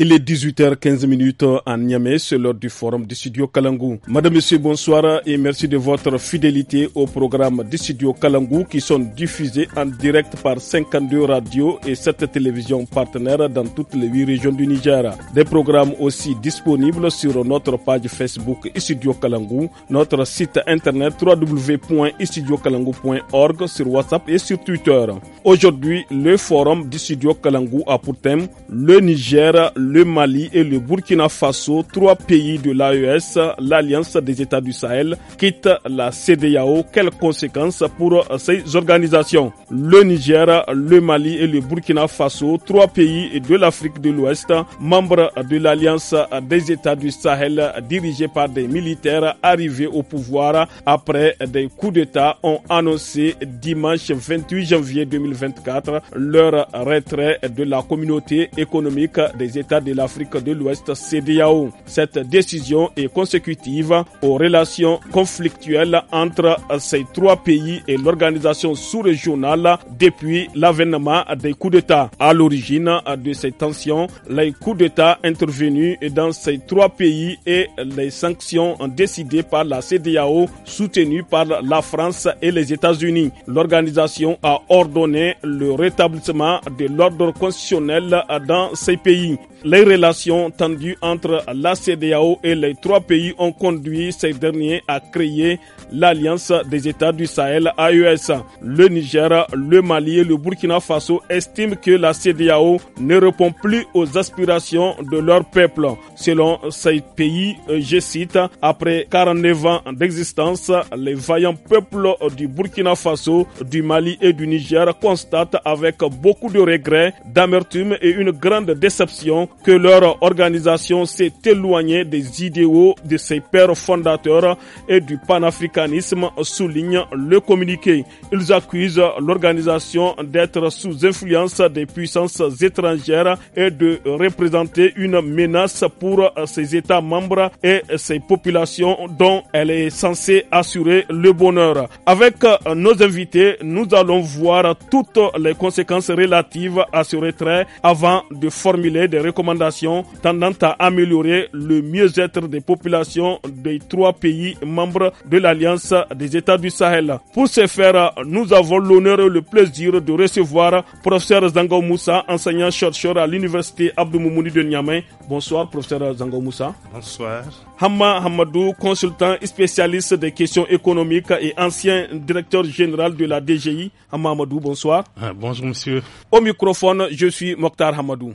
Il est 18h15 à Niamey, c'est l'heure du forum du studio Kalangou. Madame, Monsieur, bonsoir et merci de votre fidélité au programme du studio Kalangou qui sont diffusés en direct par 52 radios et 7 télévisions partenaires dans toutes les 8 régions du Niger. Des programmes aussi disponibles sur notre page Facebook Studio Kalangou, notre site internet Kalangou.org sur WhatsApp et sur Twitter. Aujourd'hui, le forum du studio Kalangou a pour thème le Niger, le Mali et le Burkina Faso, trois pays de l'AES, l'Alliance des États du Sahel, quittent la CDAO. Quelles conséquences pour ces organisations Le Niger, le Mali et le Burkina Faso, trois pays de l'Afrique de l'Ouest, membres de l'Alliance des États du Sahel dirigés par des militaires arrivés au pouvoir après des coups d'État, ont annoncé dimanche 28 janvier 2024 leur retrait de la communauté économique des États de l'Afrique de l'Ouest, CDAO. Cette décision est consécutive aux relations conflictuelles entre ces trois pays et l'organisation sous-régionale depuis l'avènement des coups d'État. À l'origine de ces tensions, les coups d'État intervenus dans ces trois pays et les sanctions décidées par la CDAO soutenues par la France et les États-Unis. L'organisation a ordonné le rétablissement de l'ordre constitutionnel dans ces pays. Les relations tendues entre la CDAO et les trois pays ont conduit ces derniers à créer l'Alliance des États du Sahel AES. Le Niger, le Mali et le Burkina Faso estiment que la CDAO ne répond plus aux aspirations de leur peuple. Selon ces pays, je cite, après 49 ans d'existence, les vaillants peuples du Burkina Faso, du Mali et du Niger constatent avec beaucoup de regrets, d'amertume et une grande déception que leur organisation s'est éloignée des idéaux de ses pères fondateurs et du panafricanisme, souligne le communiqué. Ils accusent l'organisation d'être sous influence des puissances étrangères et de représenter une menace pour ses États membres et ses populations dont elle est censée assurer le bonheur. Avec nos invités, nous allons voir toutes les conséquences relatives à ce retrait avant de formuler des recommandations tendant à améliorer le mieux-être des populations des trois pays membres de l'Alliance des États du Sahel. Pour ce faire, nous avons l'honneur et le plaisir de recevoir professeur Zango Moussa, enseignant-chercheur à l'université Abdou Moumouni de Niamey. Bonsoir, professeur Zango Moussa. Bonsoir. Hamma Hamadou, consultant spécialiste des questions économiques et ancien directeur général de la DGI. Hamma Hamadou, bonsoir. Ah, bonjour, monsieur. Au microphone, je suis Mokhtar Hamadou.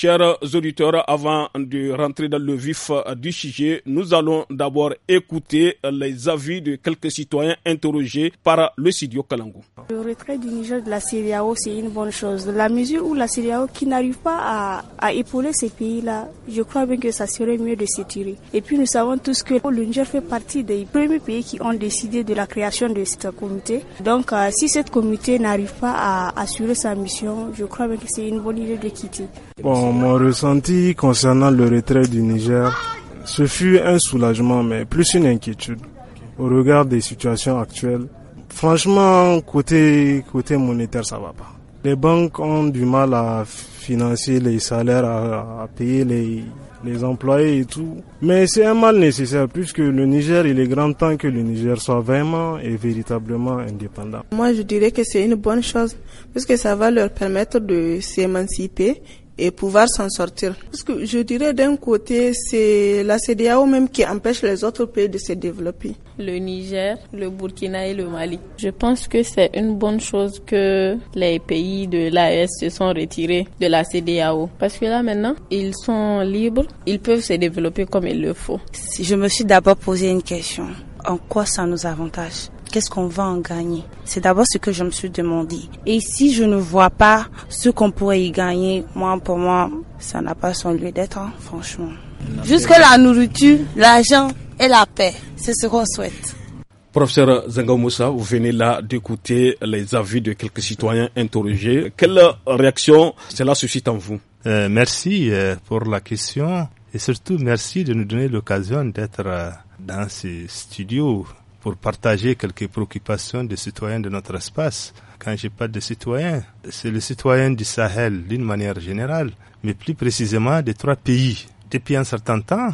Chers auditeurs, avant de rentrer dans le vif euh, du sujet, nous allons d'abord écouter euh, les avis de quelques citoyens interrogés par le studio Kalangou. Le retrait du Niger de la CDAO, c'est une bonne chose. La mesure où la CDAO qui n'arrive pas à, épauler ces pays-là, je crois bien que ça serait mieux de s'étirer. Et puis nous savons tous que le Niger fait partie des premiers pays qui ont décidé de la création de ce comité. Donc euh, si cette comité n'arrive pas à assurer sa mission, je crois bien que c'est une bonne idée de quitter mon ressenti concernant le retrait du Niger, ce fut un soulagement, mais plus une inquiétude au regard des situations actuelles. Franchement, côté, côté monétaire, ça va pas. Les banques ont du mal à financer les salaires, à, payer les, les employés et tout. Mais c'est un mal nécessaire puisque le Niger, il est grand temps que le Niger soit vraiment et véritablement indépendant. Moi, je dirais que c'est une bonne chose puisque ça va leur permettre de s'émanciper et pouvoir s'en sortir. Parce que je dirais d'un côté, c'est la CDAO même qui empêche les autres pays de se développer. Le Niger, le Burkina et le Mali. Je pense que c'est une bonne chose que les pays de l'AS e se sont retirés de la CDAO. Parce que là maintenant, ils sont libres, ils peuvent se développer comme il le faut. Je me suis d'abord posé une question. En quoi ça nous avantage qu'est-ce qu'on va en gagner C'est d'abord ce que je me suis demandé. Et si je ne vois pas ce qu'on pourrait y gagner, moi, pour moi, ça n'a pas son lieu d'être, hein, franchement. Jusque la nourriture, l'argent et la paix, c'est ce qu'on souhaite. Professeur Moussa, vous venez là d'écouter les avis de quelques citoyens interrogés. Quelle réaction cela suscite en vous euh, Merci euh, pour la question et surtout merci de nous donner l'occasion d'être euh, dans ce studio pour partager quelques préoccupations des citoyens de notre espace. Quand je parle de citoyens, c'est les citoyens du Sahel d'une manière générale, mais plus précisément des trois pays. Depuis un certain temps,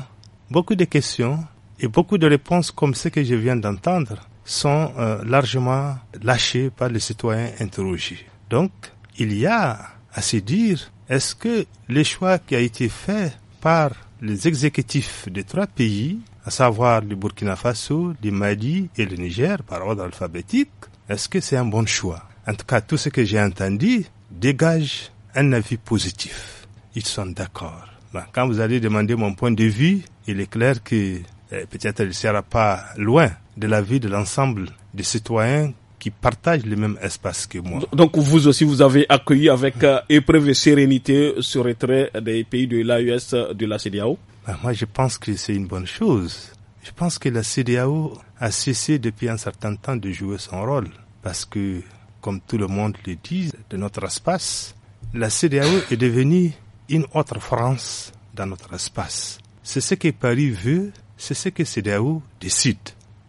beaucoup de questions et beaucoup de réponses comme ce que je viens d'entendre sont euh, largement lâchées par les citoyens interrogés. Donc, il y a à se dire, est-ce que les choix qui a été fait par les exécutifs des trois pays à savoir le Burkina Faso, le Mali et le Niger par ordre alphabétique, est-ce que c'est un bon choix En tout cas, tout ce que j'ai entendu dégage un avis positif. Ils sont d'accord. Quand vous allez demander mon point de vue, il est clair que eh, peut-être il ne sera pas loin de l'avis de l'ensemble des citoyens qui partagent le même espace que moi. Donc vous aussi, vous avez accueilli avec euh, épreuve et sérénité ce retrait des pays de l'AUS de la CDAO bah, moi je pense que c'est une bonne chose. Je pense que la CDAO a cessé depuis un certain temps de jouer son rôle parce que, comme tout le monde le dit, de notre espace, la CDAO est devenue une autre France dans notre espace. C'est ce que Paris veut, c'est ce que CDAO décide.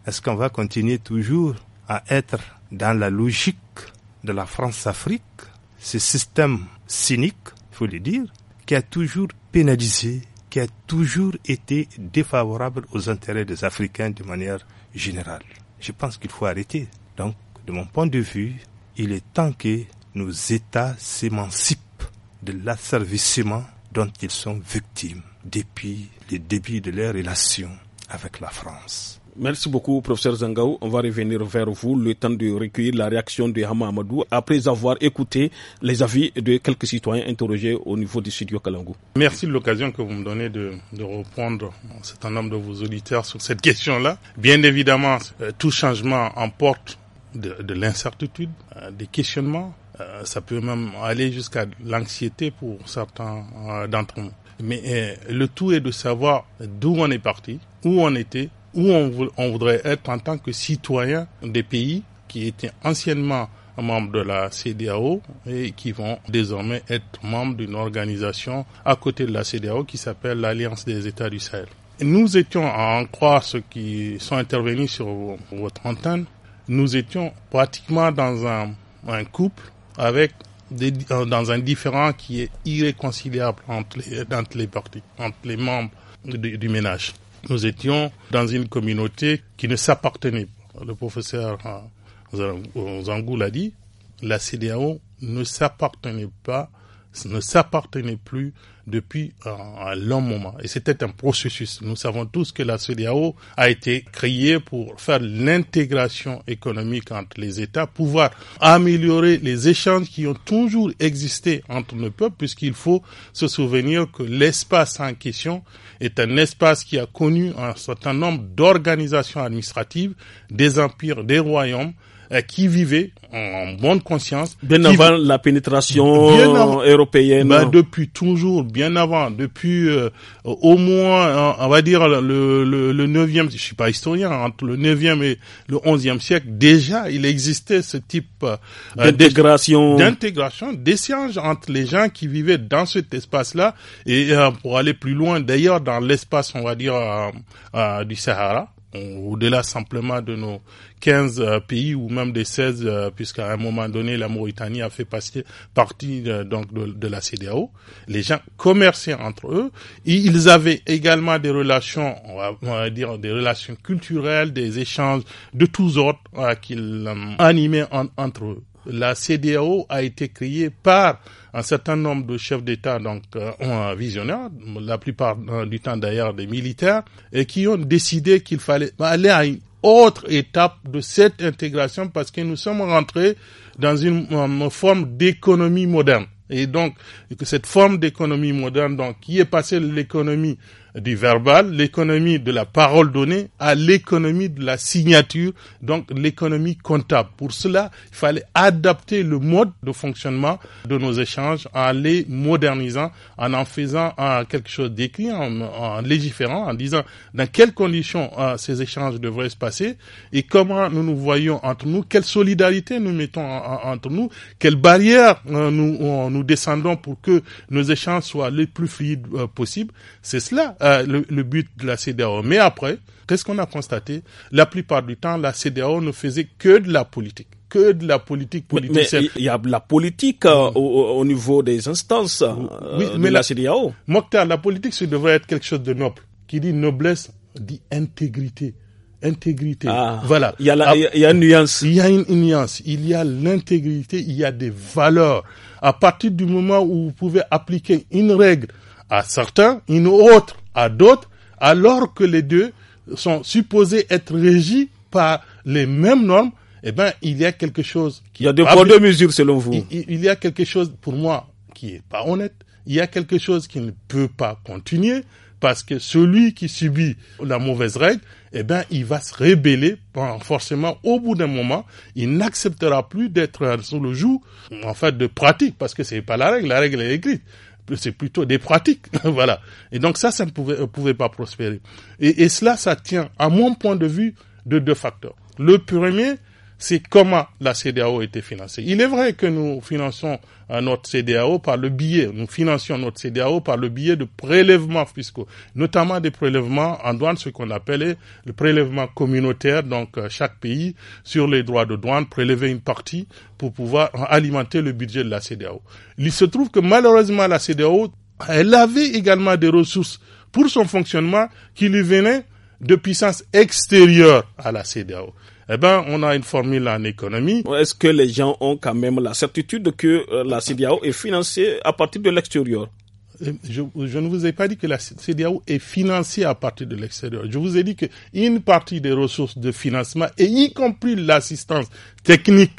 Est-ce qu'on va continuer toujours à être dans la logique de la France-Afrique, ce système cynique, il faut le dire, qui a toujours pénalisé qui a toujours été défavorable aux intérêts des Africains de manière générale. Je pense qu'il faut arrêter. Donc, de mon point de vue, il est temps que nos États s'émancipent de l'asservissement dont ils sont victimes depuis le début de leurs relations avec la France. Merci beaucoup, professeur Zangaou. On va revenir vers vous le temps de recueillir la réaction de Hama Amadou après avoir écouté les avis de quelques citoyens interrogés au niveau du studio Kalango. Merci de l'occasion que vous me donnez de, de répondre un certain nombre de vos auditeurs sur cette question-là. Bien évidemment, euh, tout changement emporte de, de l'incertitude, euh, des questionnements. Euh, ça peut même aller jusqu'à l'anxiété pour certains d'entre nous. Mais le tout est de savoir d'où on est parti, où on était où on, voudrait être en tant que citoyen des pays qui étaient anciennement membres de la CDAO et qui vont désormais être membres d'une organisation à côté de la CDAO qui s'appelle l'Alliance des États du Sahel. Nous étions, à en croire ceux qui sont intervenus sur votre antenne, nous étions pratiquement dans un, couple avec des, euh, dans un différent qui est irréconciliable entre les, les parties, entre les membres du ménage nous étions dans une communauté qui ne s'appartenait pas. Le professeur euh, euh, Zangou l'a dit, la CDAO ne s'appartenait pas ne s'appartenait plus depuis un, long moment. Et c'était un processus. Nous savons tous que la CEDEAO a été créée pour faire l'intégration économique entre les États, pouvoir améliorer les échanges qui ont toujours existé entre nos peuples, puisqu'il faut se souvenir que l'espace en question est un espace qui a connu un certain nombre d'organisations administratives, des empires, des royaumes, euh, qui vivaient en bonne conscience. Bien avant la pénétration européenne. Bah, depuis toujours, bien avant, depuis euh, au moins, hein, on va dire le, 9e, je suis pas historien, entre le 9e et le 11e siècle, déjà il existait ce type euh, d'intégration d'intégration, d'échange entre les gens qui vivaient dans cet espace-là et pour aller plus loin, d'ailleurs dans l'espace, on va dire, du Sahara euh, au-delà simplement de nos 15 euh, pays ou même des 16, euh, puisqu'à un moment donné, la Mauritanie a fait passer, partie de, donc de, la CDAO. Les gens commerçaient entre eux. Et ils avaient également des relations, on va, dire, des relations culturelles, des échanges de tous ordres qu'ils animaient entre eux la CDAO a été créée par un certain nombre de chefs d'État, donc euh, visionnaires, la plupart euh, du temps d'ailleurs des militaires, et qui ont décidé qu'il fallait aller à une autre étape de cette intégration parce que nous sommes rentrés dans une, euh, forme d'économie moderne. Et donc, que cette forme d'économie moderne, donc, qui est passée de l'économie du verbal, l'économie de la parole donnée à l'économie de la signature, donc l'économie comptable. Pour cela, il fallait adapter le mode de fonctionnement de nos échanges en les modernisant, en en faisant quelque chose d'écrit, en, en, légiférant, en disant dans quelles conditions euh, ces échanges devraient se passer et comment nous nous voyons entre nous, quelle solidarité nous mettons entre nous, quelles barrières euh, nous, nous descendons pour que nos échanges soient les plus fluides euh, possibles. C'est cela euh, euh, le, but de la CDAO. Mais après, qu'est-ce qu'on a constaté La plupart du temps, la CDAO ne faisait que de la politique que de la politique politique il y a la politique euh, mm. au, niveau des instances euh, de la, CDAO. la politique, ça devrait être quelque chose de noble. Qui dit noblesse, dit intégrité intégrité. Ah. voilà. Il y, a une nuance. Il y a une nuance. Il y a l'intégrité, il y a des valeurs. À partir du moment où vous pouvez appliquer une règle à certains, une autre à d'autres, alors que les deux sont supposés être régis par les mêmes normes, eh bien, il y a quelque chose qui... Il y a deux selon vous. Il, y a quelque chose, pour moi, qui n'est pas honnête. Il y a quelque chose qui ne peut pas continuer, parce que celui qui subit la mauvaise règle, eh bien, il va se rébeller. Forcément, au bout d'un moment, il n'acceptera plus d'être sur le joug, en fait, de pratique, parce que c'est pas la règle. La règle est écrite c'est plutôt des pratiques, voilà. Et donc ça, ça ne euh, pouvait, pas prospérer. Et, et, cela, ça tient, à mon point de vue, de deux facteurs. Le premier, c'est comment la CDAO était financée. Il est vrai que nous finançons euh, notre CDAO par le biais, nous finançons notre CDAO par le biais de prélèvements fiscaux, notamment des prélèvements en douane, ce qu'on appelait le prélèvement communautaire, donc euh, chaque pays sur les droits de douane prélevait une partie pour pouvoir alimenter le budget de la CDAO. Il se trouve que malheureusement la CDAO, elle avait également des ressources pour son fonctionnement qui lui venaient de puissances extérieures à la CDAO eh ben, on a une formule en économie. Est-ce que les gens ont quand même la certitude que euh, la CDAO est financée à partir de l'extérieur euh, je, ne vous ai pas dit que la CDAO est financée à partir de l'extérieur. Je vous ai dit qu'une partie des ressources de financement, et y compris l'assistance technique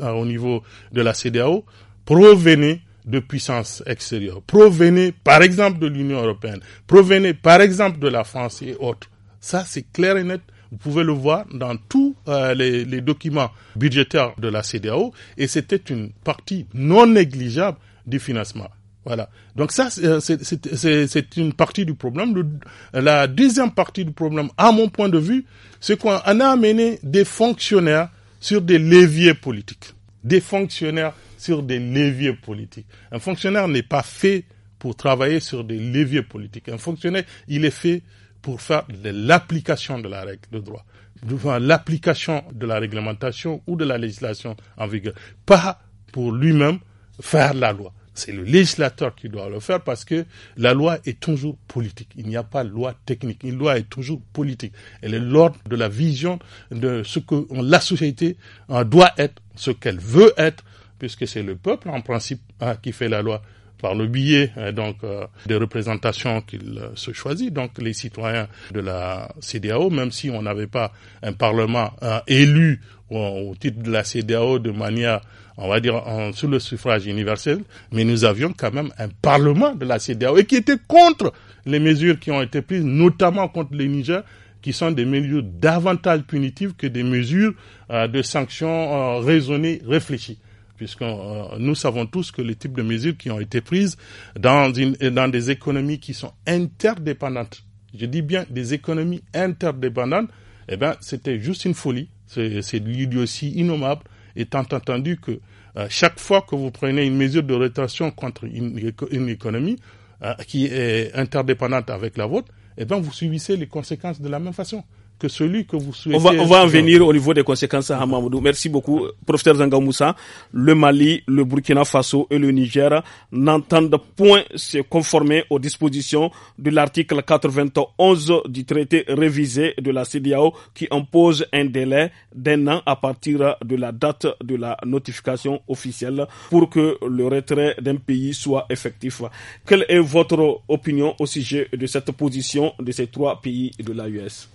au niveau de la CDAO, provenait de puissances extérieures, provenait par exemple de l'Union européenne, provenait par exemple de la France et autres. Ça, c'est clair et net. Vous pouvez le voir dans tous euh, les, documents budgétaires de la CDAO et c'était une partie non négligeable du financement. Voilà. Donc ça, c'est euh, une partie du problème. la deuxième partie du problème, à mon point de vue, c'est qu'on a amené des fonctionnaires sur des leviers politiques. Des fonctionnaires sur des leviers politiques. Un fonctionnaire n'est pas fait pour travailler sur des leviers politiques. Un fonctionnaire, il est fait pour faire de l'application de la règle de droit, devant l'application de la réglementation ou de la législation en vigueur, pas pour lui-même faire la loi. C'est le législateur qui doit le faire parce que la loi est toujours politique. Il n'y a pas de loi technique. Une loi est toujours politique. Elle est l'ordre de la vision de ce que la société euh, doit être, ce qu'elle veut être, puisque c'est le peuple en principe hein, qui fait la loi par le biais hein, donc euh, des représentations qu'il euh, se choisit. Donc les citoyens de la CDAO, même si on n'avait pas un parlement euh, élu au titre de la CDAO de manière on va dire sous le suffrage universel, mais nous avions quand même un parlement de la CDAO et qui était contre les mesures qui ont été prises, notamment contre les Niger, qui sont des mesures davantage punitives que des mesures de sanctions raisonnées, réfléchies puisque euh, nous savons tous que les types de mesures qui ont été prises dans, dans des économies qui sont interdépendantes, je dis bien des économies interdépendantes, eh bien, c'était juste une folie. C'est l'idiotie innommable, étant entendu que euh, chaque fois que vous prenez une mesure de rétention contre une, économie euh, qui est interdépendante avec la vôtre, eh bien, vous subissez les conséquences de la même façon que celui que vous souhaitez. On va, en venir au niveau des conséquences à Hamamoudou. Merci beaucoup, professeur Zangamoussa. Le Mali, le Burkina Faso et le Niger n'entendent point se conformer aux dispositions de l'article 91 du traité révisé de la CDAO qui impose un délai d'un an à partir de la date de la notification officielle pour que le retrait d'un pays soit effectif. Quelle est votre opinion au sujet de cette position de ces trois pays de l'AUS?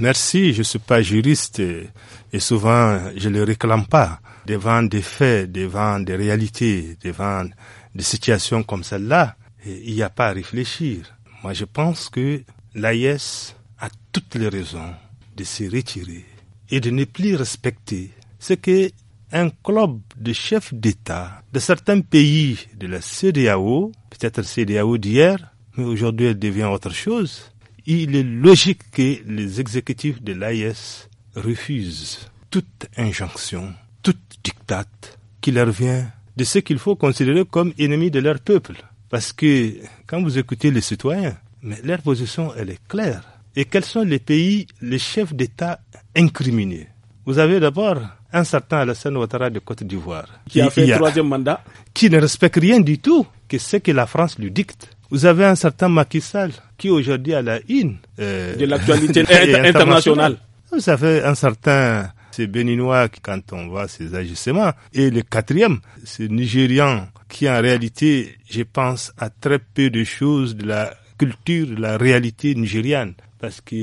Merci, je ne suis pas juriste et, souvent je ne le réclame pas. Devant des faits, devant des réalités, devant des situations comme celle-là, il n'y a pas à réfléchir. Moi je pense que l'AIS a toutes les raisons de se retirer et de ne plus respecter ce qu'est un club de chefs d'État de certains pays de la CDAO, peut-être CDAO d'hier, mais aujourd'hui elle devient autre chose, il est logique que les exécutifs de l'AIS refusent toute injonction, toute dictate qui leur vient de ce qu'il faut considérer comme ennemi de leur peuple. Parce que quand vous écoutez les citoyens, mais leur position, elle est claire. Et quels sont les pays, les chefs d'État incriminés Vous avez d'abord un certain Alassane Ouattara de Côte d'Ivoire. Qui a fait un troisième mandat. Qui ne respecte rien du tout que ce que la France lui dicte. Vous avez un certain Macky Sall qui aujourd'hui à la une euh, de l'actualité internationale. Vous avez un certain c'est béninois qui, quand on voit ces agissements Et le quatrième, c'est nigérian qui, en réalité, je pense à très peu de choses de la culture, de la réalité nigériane. Parce que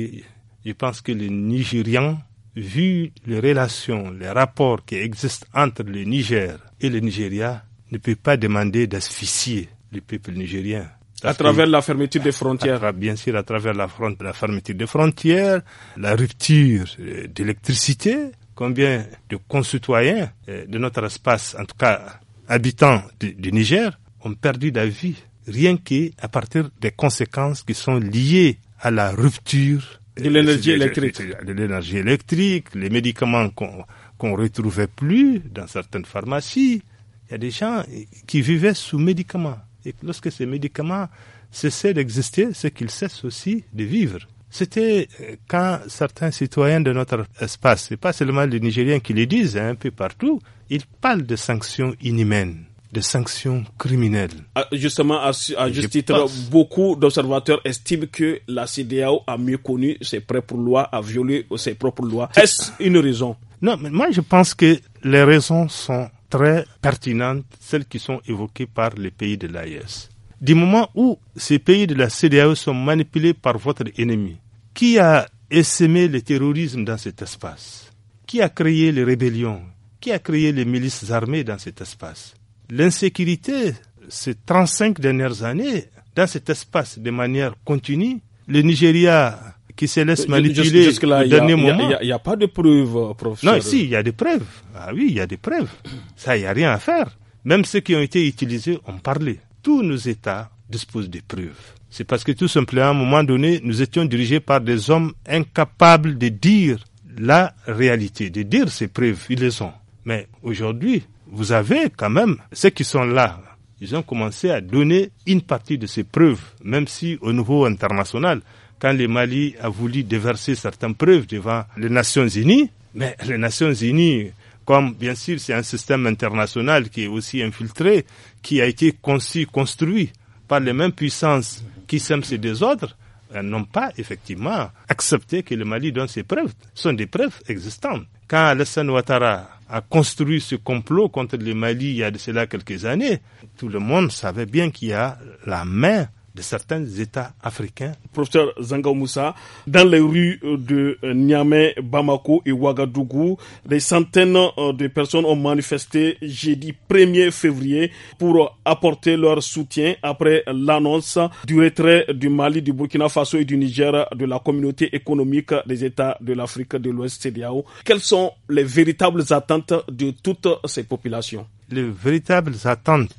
je pense que les Nigérians, vu les relations, les rapports qui existent entre le Niger et le Nigeria, ne peut pas demander d'asphyxier le peuple nigérien à travers la fermeture des frontières. bien sûr, à travers la, front, la fermeture des frontières, la rupture euh, d'électricité, combien de concitoyens euh, de notre espace, en tout cas habitants du Niger, ont perdu la vie, rien qu'à partir des conséquences qui sont liées à la rupture euh, de l'énergie électrique. De l'énergie électrique, les médicaments qu'on ne retrouvait plus dans certaines pharmacies. Il y a des gens qui vivaient sous médicaments. Et lorsque ces médicaments cessaient d'exister, c'est qu'ils cessent aussi de vivre. C'était euh, quand certains citoyens de notre espace, et pas seulement les Nigériens qui le disent, hein, un peu partout, ils parlent de sanctions inhumaines de sanctions criminelles. Ah, justement, à, à juste titre, beaucoup d'observateurs estiment que la CDAO a mieux connu ses propres lois, a violé ses propres lois. Est-ce une raison Non, mais moi je pense que les raisons sont très pertinentes, celles qui sont évoquées par les pays de l'AIS. E du moment où ces pays de la CDAE sont manipulés par votre ennemi, qui a essaimé le terrorisme dans cet espace Qui a créé les rébellions Qui a créé les milices armées dans cet espace L'insécurité, ces 35 dernières années, dans cet espace de manière continue, le Nigeria qui se laisse manipuler au dernier moment. Il n'y a, pas de preuves, euh, professeur. Non, si, il y a des preuves. Ah oui, il y a des preuves. Ça, il n'y a rien à faire. Même ceux qui ont été utilisés ont parlé. Tous nos États disposent des preuves. C'est parce que tout simplement, à un moment donné, nous étions dirigés par des hommes incapables de dire la réalité, de dire ces preuves. Ils les ont. Mais aujourd'hui, vous avez quand même ceux qui sont là. Ils ont commencé à donner une partie de ces preuves, même si au niveau international, quand le Mali a voulu déverser certaines preuves devant les Nations Unies, mais les Nations Unies, comme bien sûr c'est un système international qui est aussi infiltré, qui a été conçu, construit par les mêmes puissances qui sèment ces désordres, euh, n'ont pas effectivement accepté que le Mali donne ses preuves. Ce sont des preuves existantes. Quand Alassane Ouattara a construit ce complot contre le Mali il y a de cela quelques années, tout le monde savait bien qu'il y a la main certains États africains. Professeur Zanga Moussa, dans les rues de Niamey, Bamako et Ouagadougou, des centaines euh, de personnes ont manifesté jeudi 1er février pour apporter leur soutien après l'annonce du retrait du Mali, du Burkina Faso et du Niger de la communauté économique des États de l'Afrique de l'Ouest CDAO. Quelles sont les véritables attentes de toutes ces populations Les véritables attentes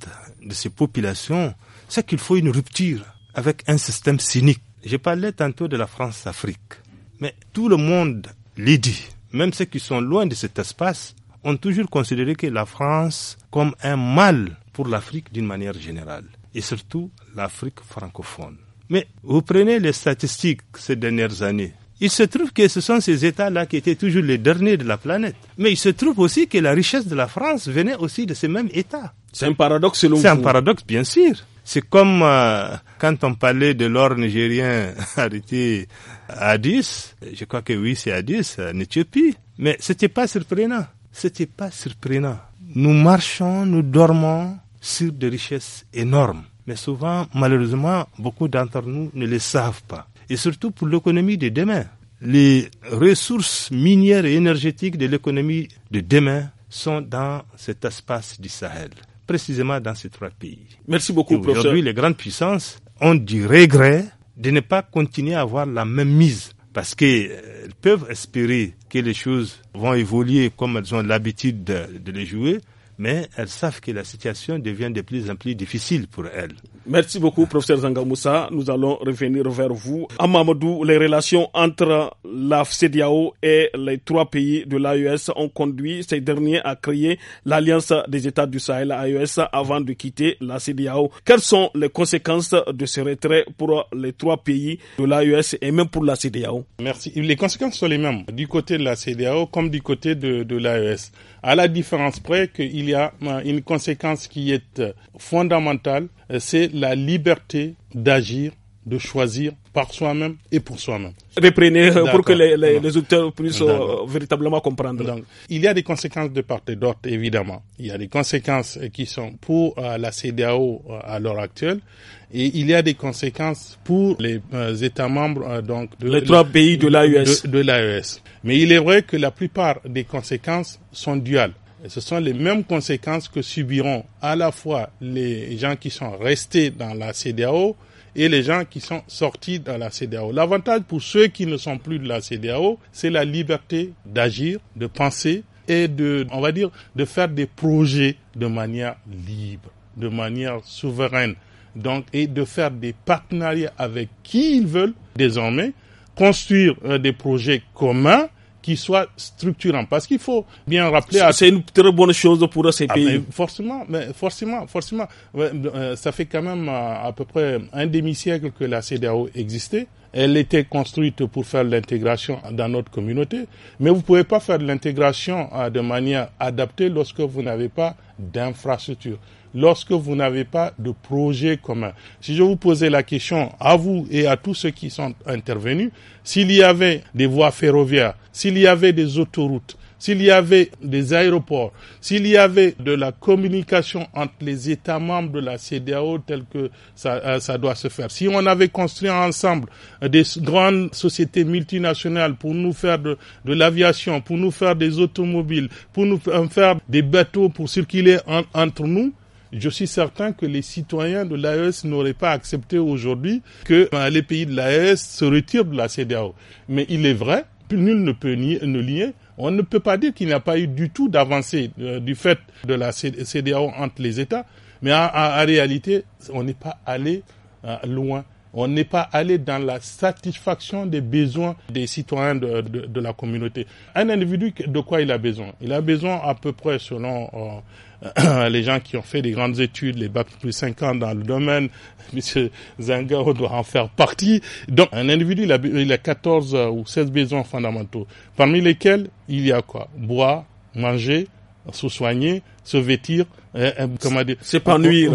de ces populations, c'est qu'il faut une rupture avec un système cynique. J'ai parlé tantôt de la France-Afrique, mais tout le monde l'a dit, même ceux qui sont loin de cet espace, ont toujours considéré que la France comme un mal pour l'Afrique d'une manière générale, et surtout l'Afrique francophone. Mais vous prenez les statistiques ces dernières années. Il se trouve que ce sont ces États-là qui étaient toujours les derniers de la planète. Mais il se trouve aussi que la richesse de la France venait aussi de ces mêmes États. C'est un paradoxe selon vous. C'est un paradoxe, bien sûr. C'est comme euh, quand on parlait de l'or nigérien arrêté à 10, je crois que oui, c'est à 10, en Éthiopie. Mais c'était pas surprenant. C'était pas surprenant. Nous marchons, nous dormons sur des richesses énormes. Mais souvent, malheureusement, beaucoup d'entre nous ne le savent pas. Et surtout pour l'économie de demain. Les ressources minières et énergétiques de l'économie de demain sont dans cet espace du Sahel précisément dans ces trois pays. Merci beaucoup, professeur. Aujourd'hui, les grandes puissances ont du regret de ne pas continuer à avoir la même mise parce qu'elles euh, peuvent espérer que les choses vont évoluer comme elles ont l'habitude de les jouer, mais elles savent que la situation devient de plus en plus difficile pour elles. Merci beaucoup, professeur Zangamoussa. Nous allons revenir vers vous. À Mamadou, les relations entre la CDAO et les trois pays de l'AES ont conduit ces derniers à créer l'Alliance des États du Sahel AES avant de quitter la CDAO. Quelles sont les conséquences de ce retrait pour les trois pays de l'AES et même pour la CDAO Merci. Les conséquences sont les mêmes du côté de la CDAO comme du côté de, de l'AES. À la différence près qu'il y a euh, une conséquence qui est fondamentale euh, c'est la liberté d'agir, de choisir par soi-même et pour soi-même. Reprenez euh, pour que les, auteurs puissent euh, véritablement comprendre. il y a des conséquences de part et d'autre, évidemment. Il y a des conséquences qui sont pour la CDAO à l'heure actuelle et il y a des conséquences pour les États membres donc de, les trois pays de l'AES. de l'AES. Mais il est vrai que la plupart des conséquences sont duales ce sont les mêmes conséquences que subiront à la fois les gens qui sont restés dans la CDAO et les gens qui sont sortis de la CDAO. L'avantage pour ceux qui ne sont plus de la CDAO, c'est la liberté d'agir, de penser et de, on va dire, de faire des projets de manière libre, de manière souveraine. Donc, et de faire des partenariats avec qui ils veulent désormais, construire euh, des projets communs qui soit structurant. Parce qu'il faut bien rappeler... C'est une très bonne chose pour ces ah, pays. forcément, mais forcément, forcément. Euh, ça fait quand même euh, à peu près un demi-siècle que la CDAO existait. Elle était construite pour faire l'intégration dans notre communauté, mais vous ne pouvez pas faire l'intégration euh, de manière adaptée lorsque vous n'avez pas d'infrastructure lorsque vous n'avez pas de projet commun. Si je vous posais la question à vous et à tous ceux qui sont intervenus, s'il y avait des voies ferroviaires, s'il y avait des autoroutes, s'il y avait des aéroports, s'il y avait de la communication entre les États membres de la CDAO tel que euh, ça, doit se faire, si on avait construit ensemble des grandes sociétés multinationales pour nous faire de, l'aviation, pour nous faire des automobiles, pour nous euh, faire des bateaux pour circuler entre nous, je suis certain que les citoyens de l'AES n'auraient pas accepté aujourd'hui que les pays de l'AES se retirent de la CDAO. Mais il est vrai, nul ne peut nier, lier, on ne peut pas dire qu'il n'y a pas eu du tout d'avancée euh, du fait de la CDAO entre les États, mais en, réalité, on n'est pas allé euh, loin. On n'est pas allé dans la satisfaction des besoins des citoyens de, la communauté. Un individu, de quoi il a besoin Il a besoin à peu près, selon euh, les gens qui ont fait des grandes études, les bacs plus 5 ans dans le domaine, Monsieur Zengao doit en faire partie. Donc, un individu, il a, il 14 euh, ou 16 besoins fondamentaux, parmi lesquels il y a quoi Boire, manger, se soigner, se vêtir, euh, euh, s'épanouir,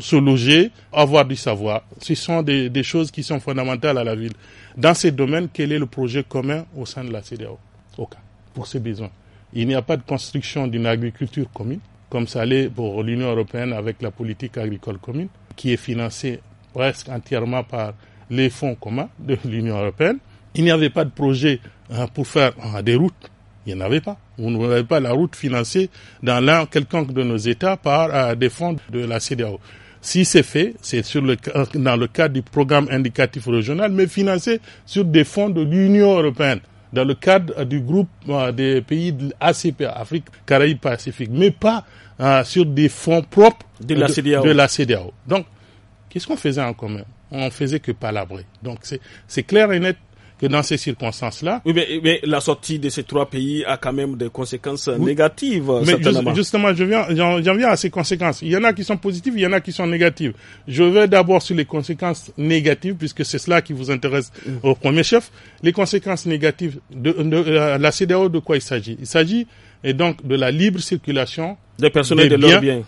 se loger, avoir du savoir. Ce sont des, des, choses qui sont fondamentales à la ville. Dans ces domaines, quel est le projet commun au sein de la CDAO Aucun, pour ces besoins. Il n'y a pas de construction d'une agriculture commune comme ça l'est pour l'Union européenne avec la politique agricole commune, qui est financée presque entièrement par les fonds communs de l'Union européenne. Il n'y avait pas de projet euh, pour faire euh, des routes. Il n'y en avait pas. Vous n'avez pas la route financée dans l'un quelconque de nos États par euh, des fonds de la CDAO. Si c'est fait, c'est sur le, dans le cadre du programme indicatif régional, mais financé sur des fonds de l'Union européenne, dans le cadre du groupe des pays de Afrique, Caraïbes, Pacifique, mais pas euh, sur des fonds propres de la, CDAO. De, Donc, qu'est-ce qu'on faisait en commun On faisait que palabrer. Donc, c'est clair et net que dans ces circonstances-là. Oui, mais, mais, la sortie de ces trois pays a quand même des conséquences négatives. Mais justement, viens, j'en viens à ces conséquences. Il y en a qui sont positives, il y en a qui sont négatives. Je vais d'abord sur les conséquences négatives, puisque c'est cela qui vous intéresse mm. au premier chef. Les conséquences négatives de, de, de euh, la CDAO, de quoi il s'agit Il s'agit donc de la libre circulation des personnes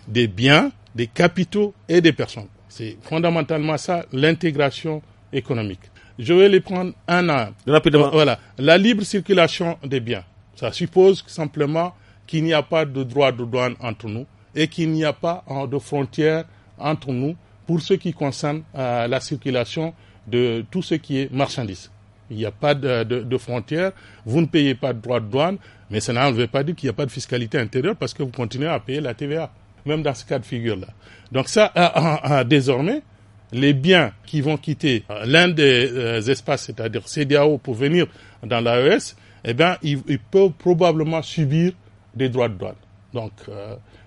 des biens, Des capitaux et des personnes. C'est fondamentalement ça, l'intégration économique. Je vais les prendre un à un. Rapidement. Voilà. La libre circulation des biens. Ça suppose simplement qu'il n'y a pas de droit de douane entre nous et qu'il n'y a pas de frontières entre nous pour ce qui concerne euh, la circulation de tout ce qui est marchandise il n'y a pas de, frontières, vous ne payez pas de droits de douane, mais cela ne veut pas dire qu'il n'y a pas de fiscalité intérieure parce que vous continuez à payer la TVA, même dans ce cas de figure-là. Donc ça, euh, euh, euh, désormais, les biens qui vont quitter l'un des espaces, c'est-à-dire CDAO, pour venir dans l'AES, eh bien, ils, peuvent probablement subir des droits de douane. Donc,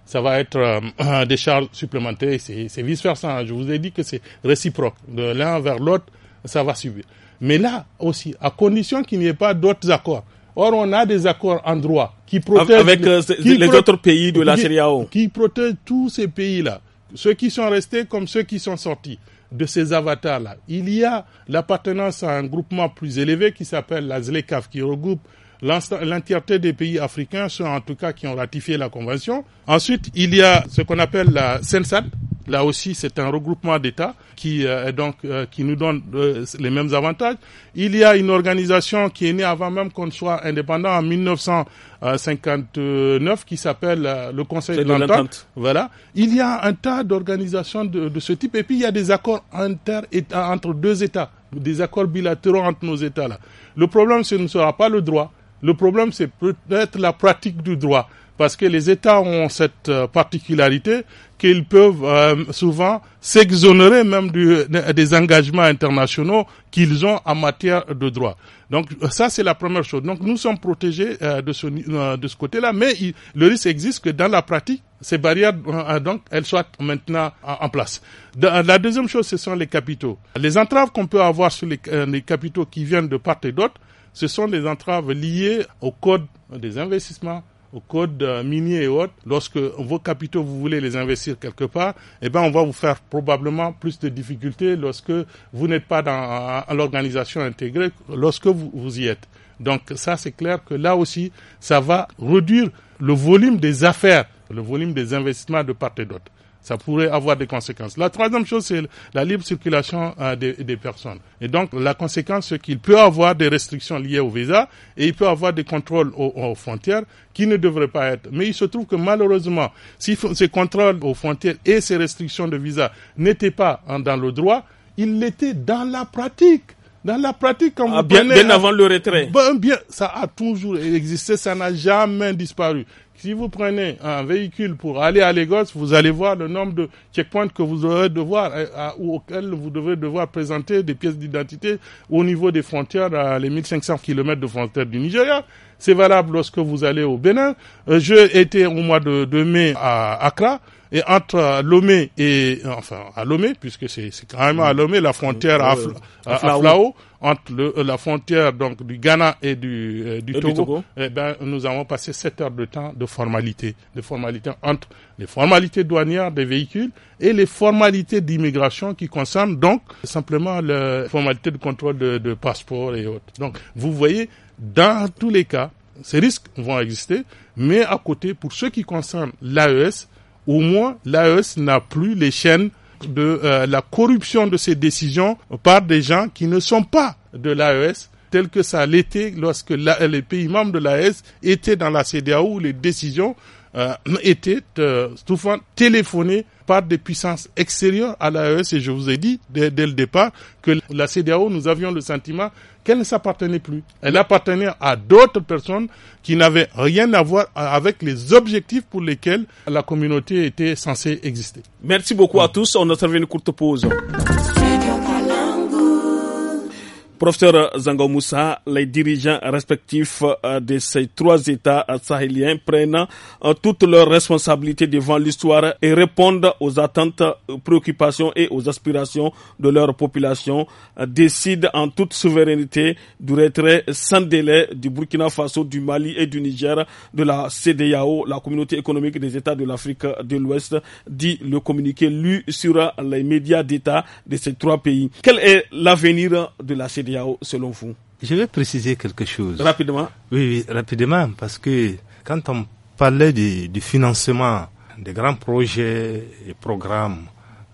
ça va être des charges supplémentaires, c'est vice-versa. Hein. Je vous ai dit que c'est réciproque. De l'un vers l'autre, ça va subir. Mais là aussi, à condition qu'il n'y ait pas d'autres accords. Or, on a des accords en droit qui protègent avec euh, les autres pays de la CEDEAO. Qui, protègent tous ces pays-là, ceux qui sont restés comme ceux qui sont sortis de ces avatars-là. Il y a l'appartenance à un groupement plus élevé qui s'appelle la ZLECAF, qui regroupe l'entièreté des pays africains, ceux en tout cas qui ont ratifié la Convention. Ensuite, il y a ce qu'on appelle la SENSAT, Là aussi, c'est un regroupement d'États qui, euh, euh, nous donne euh, les mêmes avantages. Il y a une organisation qui est née avant même qu'on soit indépendant en 1959 qui s'appelle le Conseil de l'Entente. Voilà. Il y a un tas d'organisations de, ce type et puis il y a des accords entre deux États, des accords bilatéraux entre nos États Le problème, ce ne sera pas le droit. Le problème, c'est peut-être la pratique du droit parce que les États ont cette euh, particularité qu'ils peuvent euh, souvent s'exonérer même des engagements internationaux qu'ils ont en matière de droit. Donc ça c'est la première chose. Donc nous sommes protégés euh, de ce côté-là, mais le risque existe que dans la pratique ces barrières donc elles soient maintenant en, place. la deuxième chose ce sont les capitaux. Les entraves qu'on peut avoir sur les, les capitaux qui viennent de part et d'autre, ce sont des entraves liées au code des investissements, au code euh, minier et autres, lorsque vos capitaux, vous voulez les investir quelque part, eh ben, on va vous faire probablement plus de difficultés lorsque vous n'êtes pas dans l'organisation intégrée, lorsque vous, vous y êtes. Donc ça, c'est clair que là aussi, ça va réduire le volume des affaires, le volume des investissements de part et d'autre ça pourrait avoir des conséquences. La troisième chose, c'est la libre circulation euh, des, personnes. Et donc, la conséquence, c'est qu'il peut avoir des restrictions liées au visa et il peut avoir des contrôles aux, frontières qui ne devraient pas être. Mais il se trouve que malheureusement, si ces contrôles aux frontières et ces restrictions de visa n'étaient pas hein, dans le droit, ils l'étaient dans la pratique. Dans la pratique, quand ah, vous bien, avant le retrait. Ben, ça a toujours existé, ça n'a jamais disparu. Si vous prenez un véhicule pour aller à Lagos, vous allez voir le nombre de checkpoints que vous aurez devoir euh, ou auxquels vous devez devoir présenter des pièces d'identité au niveau des frontières, à les 1500 km de frontières du Nigeria. C'est valable lorsque vous allez au Bénin. Euh, j'ai été au mois de mai à Accra et entre Lomé et euh, enfin à Lomé puisque c'est carrément à mm. Lomé la frontière à, euh, Flao entre euh, la frontière donc du Ghana et du, Togo, eh ben, nous avons passé sept heures de temps de formalité, de formalité entre les formalités douanières des véhicules et les formalités d'immigration qui concernent donc simplement les formalités de contrôle de, de passeport et autres. Donc, vous voyez, dans tous les cas, ces risques vont exister, mais à côté, pour ceux qui concernent l'AES, au moins l'AES n'a plus les chaînes de euh, la corruption de ses décisions par des gens qui ne sont pas de l'AES tel que ça l'était lorsque les pays membres de l'AES étaient dans la CDAO où les décisions euh, étaient euh, souvent téléphonés par des puissances extérieures à l'AES et je vous ai dit dès, le départ que la CDAO, nous avions le sentiment qu'elle ne s'appartenait plus. Elle appartenait à d'autres personnes qui n'avaient rien à voir avec les objectifs pour lesquels la communauté était censée exister. Merci beaucoup à tous. On a une courte pause. Professeur Zangamoussa, les dirigeants respectifs euh, de ces trois États euh, sahéliens prennent euh, toutes leurs responsabilités devant l'histoire et répondent aux attentes, aux préoccupations et aux aspirations de leur population, décident en toute souveraineté du retrait sans délai du Burkina Faso, du Mali et du Niger de la CDAO, la communauté économique des États de l'Afrique de l'Ouest, dit le communiqué lu sur les médias d'État de ces trois pays. Quel est l'avenir de la CDAO selon vous Je vais préciser quelque chose. Rapidement Oui, rapidement, parce que quand on parlait du, financement des grands projets et programmes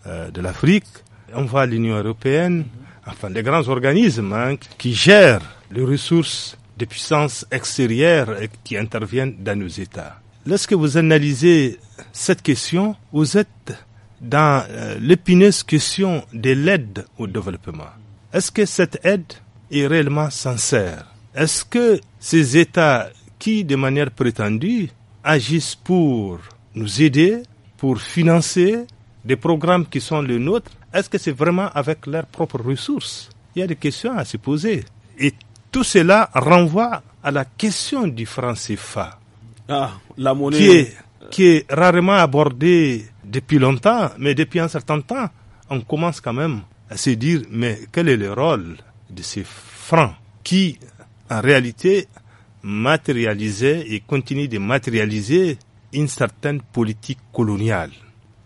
euh, de l'Afrique, on voit l'Union européenne, enfin les grands organismes hein, qui gèrent les ressources des puissances extérieures qui interviennent dans nos États. Lorsque vous analysez cette question, vous êtes dans euh, l'épineuse question de l'aide au développement. Est-ce que cette aide est réellement sincère Est-ce que ces États qui, de manière prétendue, agissent pour nous aider, pour financer des programmes qui sont les nôtres, est-ce que c'est vraiment avec leurs propres ressources Il y a des questions à se poser. Et tout cela renvoie à la question du franc CFA. Ah, la monnaie. Qui est, qui est rarement abordée depuis longtemps, mais depuis un certain temps, on commence quand même à se dire mais quel est le rôle de ces francs qui, en réalité, matérialisaient et continuent de matérialiser une certaine politique coloniale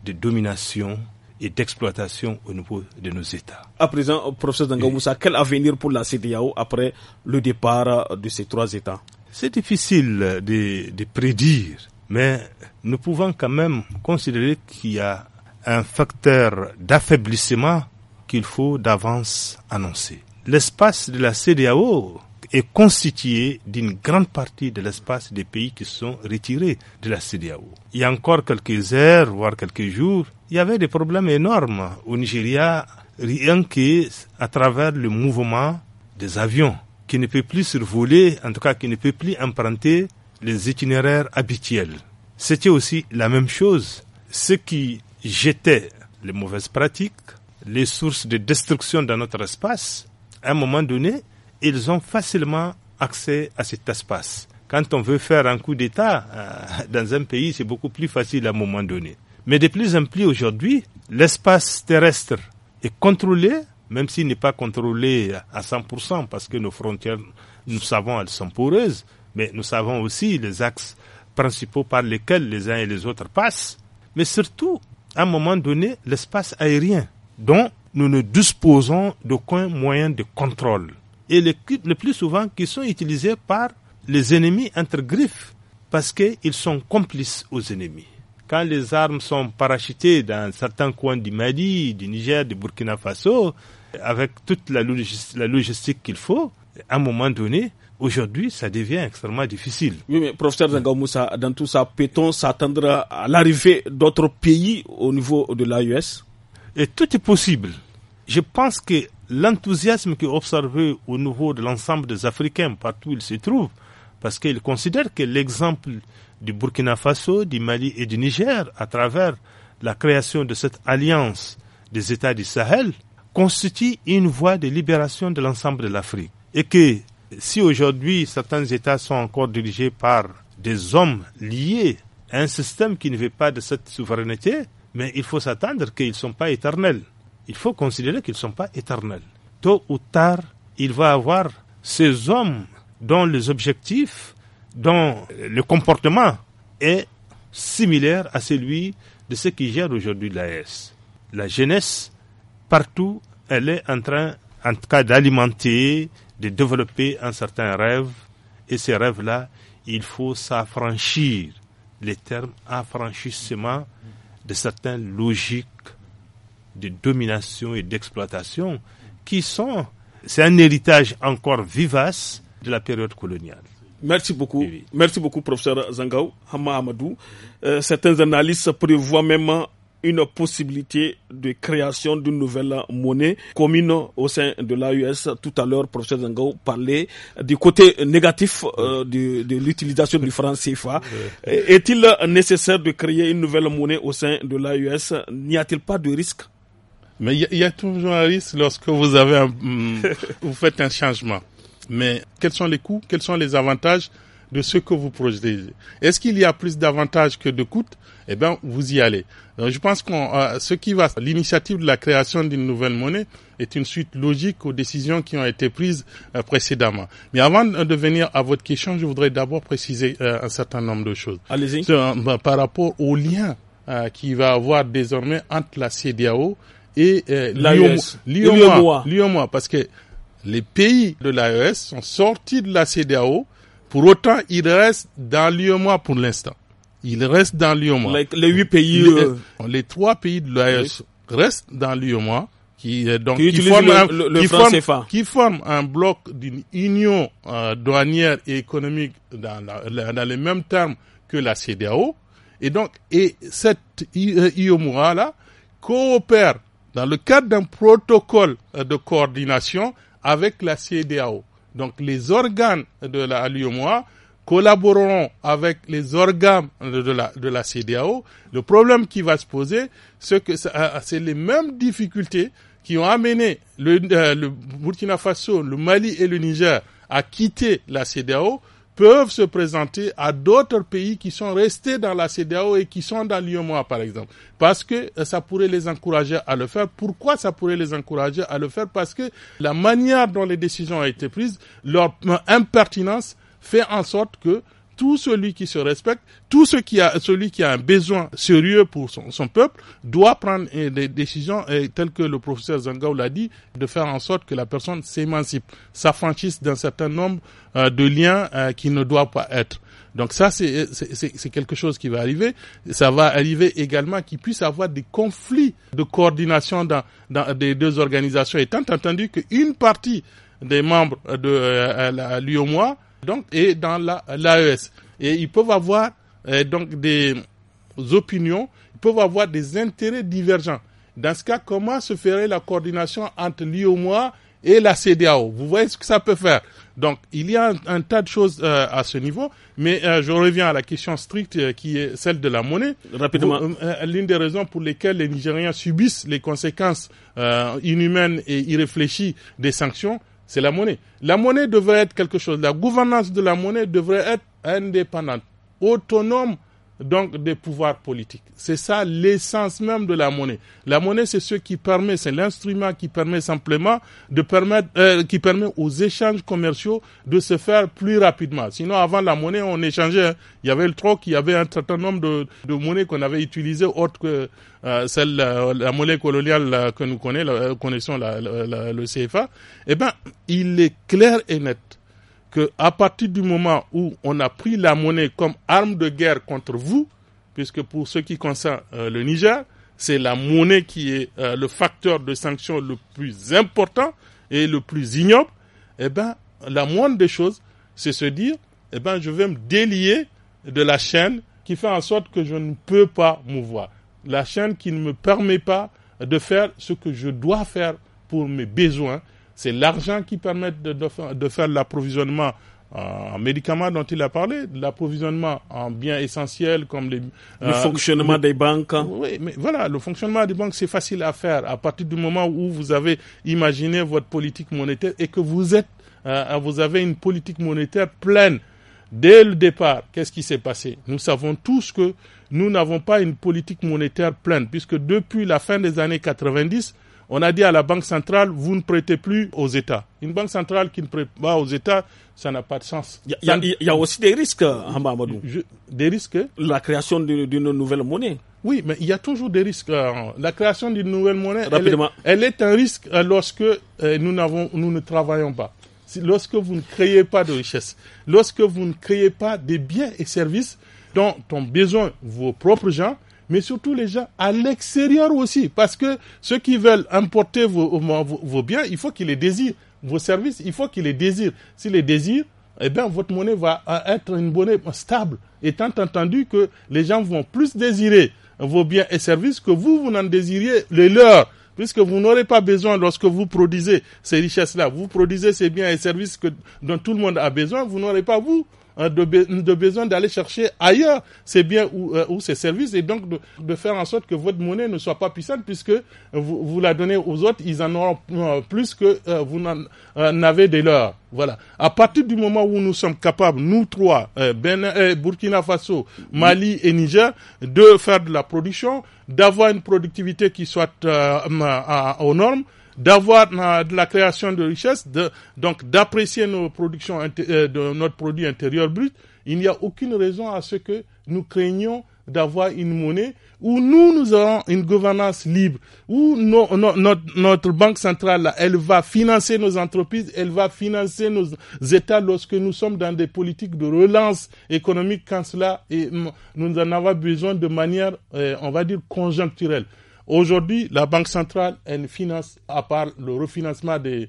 de domination et d'exploitation au niveau de nos États. À présent, professeur Dangamoussa, quel avenir pour la CDAO après le départ de ces trois États C'est difficile de, de prédire, mais nous pouvons quand même considérer qu'il y a un facteur d'affaiblissement qu'il faut d'avance annoncer. L'espace de la CDAO est constitué d'une grande partie de l'espace des pays qui sont retirés de la CDAO. Il y a encore quelques heures, voire quelques jours, il y avait des problèmes énormes au Nigeria, rien qu'à travers le mouvement des avions, qui ne peut plus survoler, en tout cas qui ne peut plus emprunter les itinéraires habituels. C'était aussi la même chose. Ce qui jetait les mauvaises pratiques, les sources de destruction dans notre espace, à un moment donné, ils ont facilement accès à cet espace. Quand on veut faire un coup d'État euh, dans un pays, c'est beaucoup plus facile à un moment donné. Mais de plus en plus aujourd'hui, l'espace terrestre est contrôlé, même s'il n'est pas contrôlé à 100%, parce que nos frontières, nous savons, elles sont poreuses, mais nous savons aussi les axes principaux par lesquels les uns et les autres passent. Mais surtout, à un moment donné, l'espace aérien dont nous ne disposons d'aucun moyen de contrôle. Et les le plus souvent qui sont utilisés par les ennemis entre griffes, parce qu'ils sont complices aux ennemis. Quand les armes sont parachutées dans certains coins du Mali, du Niger, du Burkina Faso, avec toute la, logistique qu'il faut, à un moment donné, aujourd'hui, ça devient extrêmement difficile. Oui, mais professeur Zangamoussa, dans tout ça, peut-on s'attendre à l'arrivée d'autres pays au niveau de US. Et tout est possible. Je pense que l'enthousiasme qui est observé au niveau de l'ensemble des Africains, partout où ils se trouvent, parce qu'ils considèrent que l'exemple du Burkina Faso, du Mali et du Niger, à travers la création de cette alliance des États du Sahel, constitue une voie de libération de l'ensemble de l'Afrique. Et que si aujourd'hui certains États sont encore dirigés par des hommes liés à un système qui ne veut pas de cette souveraineté, mais il faut s'attendre qu'ils ne sont pas éternels. Il faut considérer qu'ils ne sont pas éternels. Tôt ou tard, il va avoir ces hommes dont les objectifs, dont le comportement est similaire à celui de ceux qui gèrent aujourd'hui l'AES. La jeunesse, partout, elle est en train, en tout cas, d'alimenter, de développer un certain rêve. Et ces rêves-là, il faut s'affranchir. Les termes affranchissement de certaines logiques de domination et d'exploitation qui sont, c'est un héritage encore vivace de la période coloniale. Merci beaucoup. Merci beaucoup, professeur Zangaou, Hama Amadou. Euh, certains analystes prévoient même une possibilité de création d'une nouvelle monnaie commune au sein de l'AUS. Tout à l'heure, professeur Zango parlait du côté négatif euh, de, l'utilisation du franc CFA. Est-il nécessaire de créer une nouvelle monnaie au sein de l'AUS N'y a-t-il pas de risque Mais il y, a toujours un risque lorsque vous avez mm, vous faites un changement. Mais quels sont les coûts Quels sont les avantages de ce que vous projetez. Est-ce qu'il y a plus d'avantages que de coûts Eh bien, vous y allez. je pense que euh, ce qui va, l'initiative de la création d'une nouvelle monnaie est une suite logique aux décisions qui ont été prises euh, précédemment. Mais avant de venir à votre question, je voudrais d'abord préciser euh, un certain nombre de choses. Allez-y. Ben, par rapport au lien qui va avoir désormais entre la CDAO et moi, Parce que les pays de l'AES sont sortis de la CDAO pour autant, il reste dans moi pour l'instant. Il reste dans l'UEMOA. Les, huit pays... Euh, les, trois pays de l'AES restent dans l'UMA, qui, donc, qui, forment un, qui, forme, un bloc d'une union euh, douanière et économique dans, dans les mêmes termes que la CDAO. Et donc, et cette euh, IOMOA-là coopère dans le cadre d'un protocole de coordination avec la CDAO. Donc les organes de la l'UMOA collaboreront avec les organes de la, de CDAO. Le problème qui va se poser, c'est que euh, c'est les mêmes difficultés qui ont amené le, euh, le Burkina Faso, le Mali et le Niger à quitter la CDAO peuvent se présenter à d'autres pays qui sont restés dans la CDAO et qui sont dans l'UMOA, par exemple. Parce que euh, ça pourrait les encourager à le faire. Pourquoi ça pourrait les encourager à le faire Parce que la manière dont les décisions ont été prises, leur impertinence fait en sorte que tout celui qui se respecte, tout ce qui a, celui qui a un besoin sérieux pour son, peuple, doit prendre eh, des décisions eh, telles que le professeur Zangao l'a dit, de faire en sorte que la personne s'émancipe, s'affranchisse d'un certain nombre euh, de liens euh, qui ne doivent pas être. Donc ça, c'est quelque chose qui va arriver. Ça va arriver également qu'il puisse avoir des conflits de coordination dans, dans des deux organisations, étant entendu qu'une partie des membres de euh, l'UOMOA donc, et dans l'AES. et ils peuvent avoir euh, donc des opinions, ils peuvent avoir des intérêts divergents. Dans ce cas, comment se ferait la coordination entre l'IOMOA et la CDAO Vous voyez ce que ça peut faire. Donc, il y a un, tas de choses euh, à ce niveau, mais euh, je reviens à la question stricte qui est celle de la monnaie. Rapidement. L'une des raisons pour lesquelles les Nigériens subissent les conséquences inhumaines et irréfléchies des sanctions, c'est la monnaie. La monnaie devrait être quelque chose. La gouvernance de la monnaie devrait être indépendante, autonome donc des pouvoirs politiques. C'est ça l'essence même de la monnaie. La monnaie, c'est ce qui permet, c'est l'instrument qui permet simplement de permettre, euh, qui permet aux échanges commerciaux de se faire plus rapidement. Sinon, avant la monnaie, on échangeait. Hein. Il y avait le troc, il y avait un certain nombre de, de monnaies qu'on avait utilisées autres que euh, celle la, monnaie coloniale que nous connaissons, euh, connaissons le CFA. Eh ben, il est clair et net que à partir du moment où on a pris la monnaie comme arme de guerre contre vous, puisque pour ce qui concerne euh, le Niger, c'est la monnaie qui est euh, le facteur de sanction le plus important et le plus ignoble, eh ben la moindre des choses, c'est se dire, eh ben je vais me délier de la chaîne qui fait en sorte que je ne peux pas mouvoir, la chaîne qui ne me permet pas de faire ce que je dois faire pour mes besoins c'est l'argent qui permet de, faire l'approvisionnement en médicaments dont il a parlé, l'approvisionnement en biens essentiels comme les... Le euh, fonctionnement des banques. Oui, mais voilà, le fonctionnement des banques, c'est facile à faire à partir du moment où vous avez imaginé votre politique monétaire et que vous êtes, euh, vous avez une politique monétaire pleine. Dès le départ, qu'est-ce qui s'est passé Nous savons tous que nous n'avons pas une politique monétaire pleine, puisque depuis la fin des années 90, on a dit à la Banque centrale, vous ne prêtez plus aux États. Une banque centrale qui ne prête pas aux États, ça n'a pas de sens. Il y, a aussi des risques, Hamamadou. Hein, des risques La création d'une nouvelle monnaie. Oui, mais il y a toujours des risques. Hein. La création d'une nouvelle monnaie, Elle, est, un risque lorsque euh, nous, nous ne travaillons pas. Lorsque vous ne créez pas de richesse, lorsque vous ne créez pas des biens et services dont ont besoin vos propres gens, mais surtout les gens à l'extérieur aussi, parce que ceux qui veulent importer vos, biens, il faut qu'ils les désirent. Vos services, il faut qu'ils les désirent. S'ils les désirent, eh bien, votre monnaie va être une monnaie stable, étant entendu que les gens vont plus désirer vos biens et services que vous, vous n'en désiriez les leurs puisque vous n'aurez pas besoin lorsque vous produisez ces richesses-là, vous produisez ces biens et services que, dont tout le monde a besoin, vous n'aurez pas vous euh, de, besoin d'aller chercher ailleurs ces biens ou, euh, ces services et donc de, faire en sorte que votre monnaie ne soit pas puissante puisque vous, vous la donnez aux autres, ils en auront euh, plus que vous n'avez des leurs. Voilà. À partir du moment où nous sommes capables, nous trois, ben, Burkina Faso, Mali et Niger, de faire de la production, d'avoir une productivité qui soit aux normes, d'avoir euh, de la création de richesses, de, donc d'apprécier nos productions, euh, de notre produit intérieur brut, il n'y a aucune raison à ce que nous craignions d'avoir une monnaie où nous, nous aurons une gouvernance libre, où notre, notre, banque centrale, elle va financer nos entreprises, elle va financer nos États lorsque nous sommes dans des politiques de relance économique quand cela, et nous en avons besoin de manière, euh, on va dire, conjoncturelle. Aujourd'hui, la Banque centrale, elle finance, à part le refinancement des,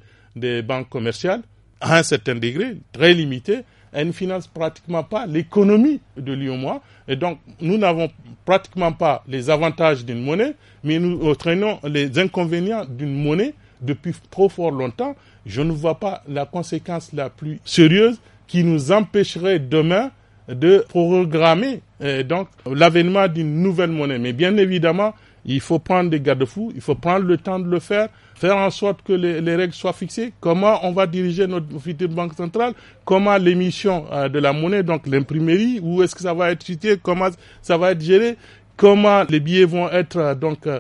banques commerciales, à un certain degré, très limité, elle ne finance pratiquement pas l'économie de Lyon-Mois, Et donc, nous n'avons pratiquement pas les avantages d'une monnaie, mais nous entraînons les inconvénients d'une monnaie depuis trop fort longtemps. Je ne vois pas la conséquence la plus sérieuse qui nous empêcherait demain de programmer euh, donc l'avènement d'une nouvelle monnaie. Mais bien évidemment, il faut prendre des garde-fous, il faut prendre le temps de le faire, faire en sorte que les, règles soient fixées, comment on va diriger notre future banque centrale, comment l'émission euh, de la monnaie, donc l'imprimerie, où est-ce que ça va être cité, comment ça va être géré, comment les billets vont être euh, donc euh,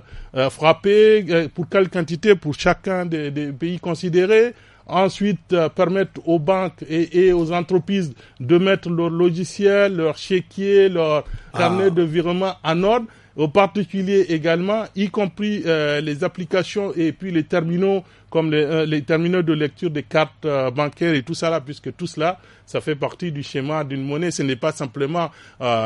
frappés, pour quelle quantité pour chacun des, pays considérés, ensuite permettre aux banques et, aux entreprises de mettre leur logiciel, leur chéquier, leur ah. carnets de virement en ordre au particulier également, y compris euh, les applications et puis les terminaux comme les, euh, terminaux de lecture des cartes euh, bancaires et tout ça là, puisque tout cela, ça fait partie du schéma d'une monnaie. Ce n'est pas simplement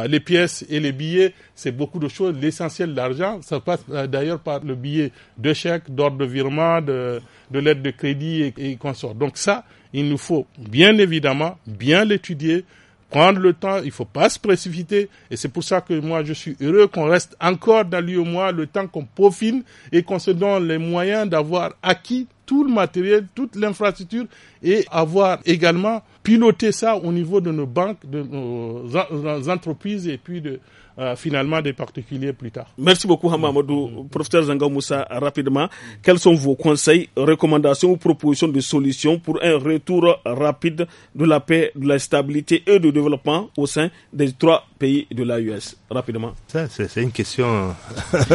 les pièces et les billets, c'est beaucoup de choses. L'essentiel de l'argent, ça passe d'ailleurs par le billet de chèque, d'ordre de virement, de, de lettre de crédit et, et consorts. Donc ça, il nous faut bien évidemment bien l'étudier prendre le temps, il ne faut pas se précipiter. Et c'est pour ça que moi, je suis heureux qu'on reste encore dans lieu le temps qu'on profine et qu'on se donne les moyens d'avoir acquis tout le matériel, toute l'infrastructure et avoir également piloté ça au niveau de nos banques, de nos entreprises et puis de, euh, finalement des particuliers plus tard. Merci beaucoup Hamamadou. Mm. Mm. Professeur Zanga rapidement, quels sont vos conseils, recommandations ou propositions de solutions pour un retour rapide de la paix, de la stabilité et du développement au sein des trois pays de l'AUS Rapidement. Ça, c'est une question... Hein.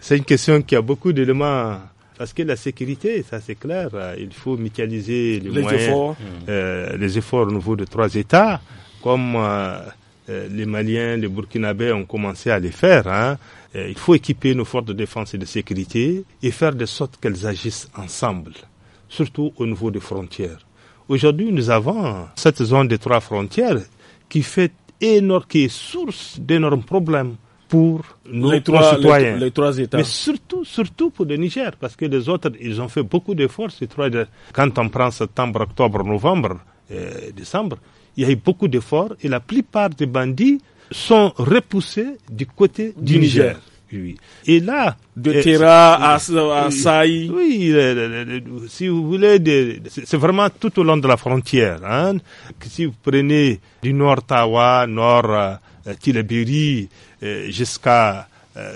c'est une question qui a beaucoup d'éléments hein. parce que la sécurité, ça c'est clair, hein. il faut mutualiser les, moyens, efforts. nouveaux euh, les efforts au niveau de trois États comme euh, euh, les Maliens, les Burkinabés ont commencé à les faire. Hein. Euh, il faut équiper nos forces de défense et de sécurité et faire de sorte qu'elles agissent ensemble, surtout au niveau des frontières. Aujourd'hui, nous avons cette zone des trois frontières qui fait énorme, est source d'énormes problèmes pour nos les trois, citoyens. Les, trois États. Mais surtout, surtout pour le Niger, parce que les autres, ils ont fait beaucoup d'efforts. Quand on prend septembre, octobre, novembre, décembre, il y a eu beaucoup d'efforts et la plupart des bandits sont repoussés du côté du, Niger. Oui. Et là, de euh, Terra à, Saï. Oui, si vous voulez, c'est vraiment tout au long de la frontière. Hein. Si vous prenez du nord Tawa, nord euh, Tilabiri, euh, jusqu'à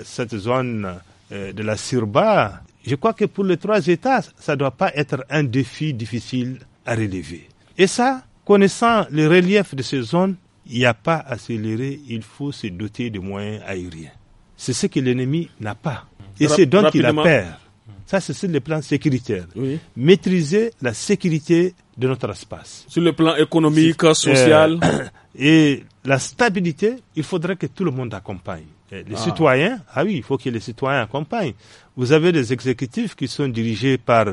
cette zone de la Sirba, je crois que pour les trois États, ça ne doit pas être un défi difficile à relever. Et ça, connaissant le relief de ces zones, il n'y a pas à accélérer, il faut se doter de moyens aériens. C'est ce que l'ennemi n'a pas. Et c'est donc qu'il a peur. Ça, c'est sur le plan sécuritaire. Maîtriser la sécurité de notre espace. Sur le plan économique, euh, social. et la stabilité, il faudrait que tout le monde accompagne. Euh, les ah. citoyens, ah oui, il faut que les citoyens accompagnent. Vous avez des exécutifs qui sont dirigés par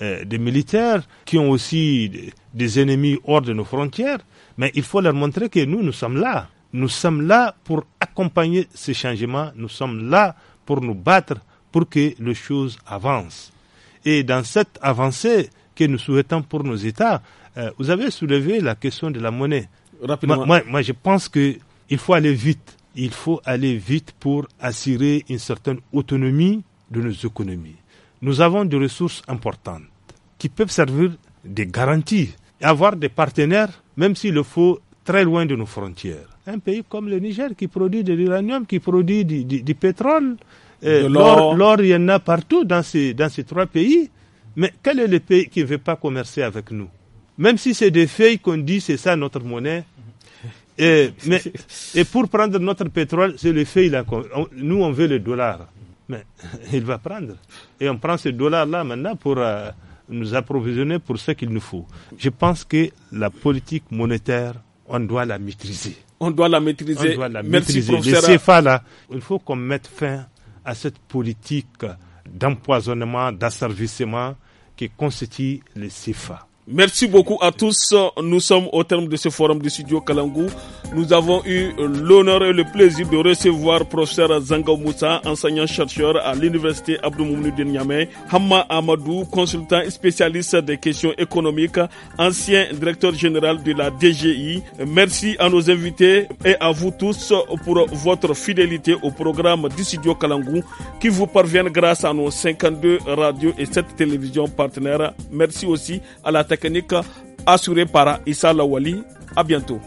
euh, des militaires, qui ont aussi des ennemis hors de nos frontières, mais il faut leur montrer que nous, nous sommes là. Nous sommes là pour accompagner ces changements, nous sommes là pour nous battre pour que les choses avancent. Et dans cette avancée que nous souhaitons pour nos États, euh, vous avez soulevé la question de la monnaie. Moi, moi, je pense qu'il faut aller vite. Il faut aller vite pour assurer une certaine autonomie de nos économies. Nous avons des ressources importantes qui peuvent servir de garanties avoir des partenaires, même s'il le faut, très loin de nos frontières. Un pays comme le Niger qui produit de l'uranium, qui produit du, pétrole, euh, l'or, il y en a partout dans ces, dans ces trois pays. Mais quel est le pays qui ne veut pas commercer avec nous Même si c'est des feuilles qu'on dit, c'est ça notre monnaie. Et, mais, et pour prendre notre pétrole, c'est les feuilles là. nous, on veut le dollar. Mais il va prendre. Et on prend ce dollar-là maintenant pour... Euh, nous approvisionner pour ce qu'il nous faut. Je pense que la politique monétaire, on doit la maîtriser. On doit la maîtriser. il faut qu'on mette fin à cette politique d'empoisonnement, d'asservissement qui constitue les CFA. Merci beaucoup à tous. Nous sommes au terme de ce forum du studio Kalangou. Nous avons eu l'honneur et le plaisir de recevoir professeur Zanga Moussa, enseignant-chercheur à l'université Abdou Moumouni de Niamey, Hamma Amadou, consultant spécialiste des questions économiques, ancien directeur général de la DGI. Merci à nos invités et à vous tous pour votre fidélité au programme du studio Kalangou qui vous parvient grâce à nos 52 radios et 7 télévisions partenaires. Merci aussi à la technique assurée par Issa Lawali. À bientôt.